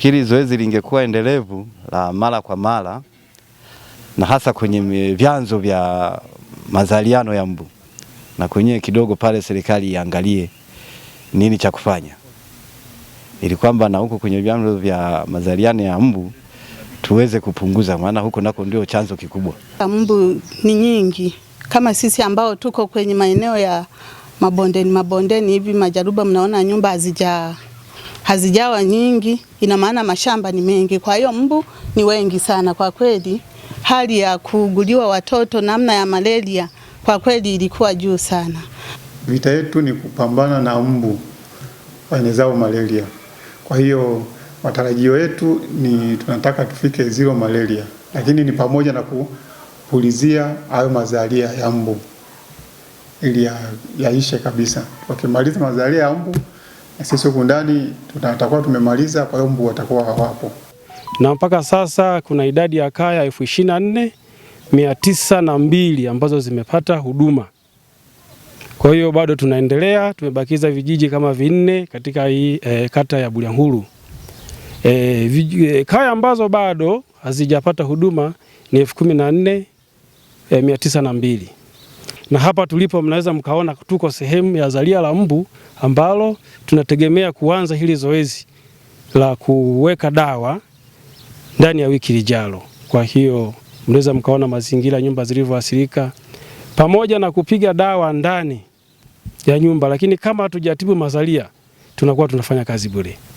Kili zoezi lingekuwa endelevu la mara kwa mara na hasa kwenye vyanzo vya mazaliano ya mbu, na kwenye kidogo pale serikali iangalie nini cha kufanya, ili kwamba na huko kwenye vyanzo vya mazaliano ya mbu tuweze kupunguza, maana huko nako ndio chanzo kikubwa. Mbu ni nyingi, kama sisi ambao tuko kwenye maeneo ya mabondeni mabondeni hivi, majaruba, mnaona nyumba hazija hazijawa nyingi, ina maana mashamba ni mengi, kwa hiyo mbu ni wengi sana. Kwa kweli hali ya kuuguliwa watoto namna ya malaria kwa kweli ilikuwa juu sana. Vita yetu ni kupambana na mbu waenezao malaria. Kwa hiyo matarajio yetu ni tunataka tufike zero malaria, lakini ni pamoja na kupulizia hayo mazalia ya mbu ili yaishe kabisa. Wakimaliza mazalia ya mbu sisi huku ndani tutakuwa tumemaliza, kwa hiyo mbu watakuwa hawapo. Na mpaka sasa kuna idadi ya kaya elfu ishirini na nne mia tisa na mbili ambazo zimepata huduma. Kwa hiyo bado tunaendelea, tumebakiza vijiji kama vinne katika hii e, kata ya Bulyanhulu. E, e, kaya ambazo bado hazijapata huduma ni elfu kumi na nne e, mia tisa na mbili na hapa tulipo mnaweza mkaona tuko sehemu ya zalia la mbu ambalo tunategemea kuanza hili zoezi la kuweka dawa ndani ya wiki lijalo. Kwa hiyo mnaweza mkaona mazingira nyumba zilivyoathirika, pamoja na kupiga dawa ndani ya nyumba, lakini kama hatujatibu mazalia tunakuwa tunafanya kazi bure.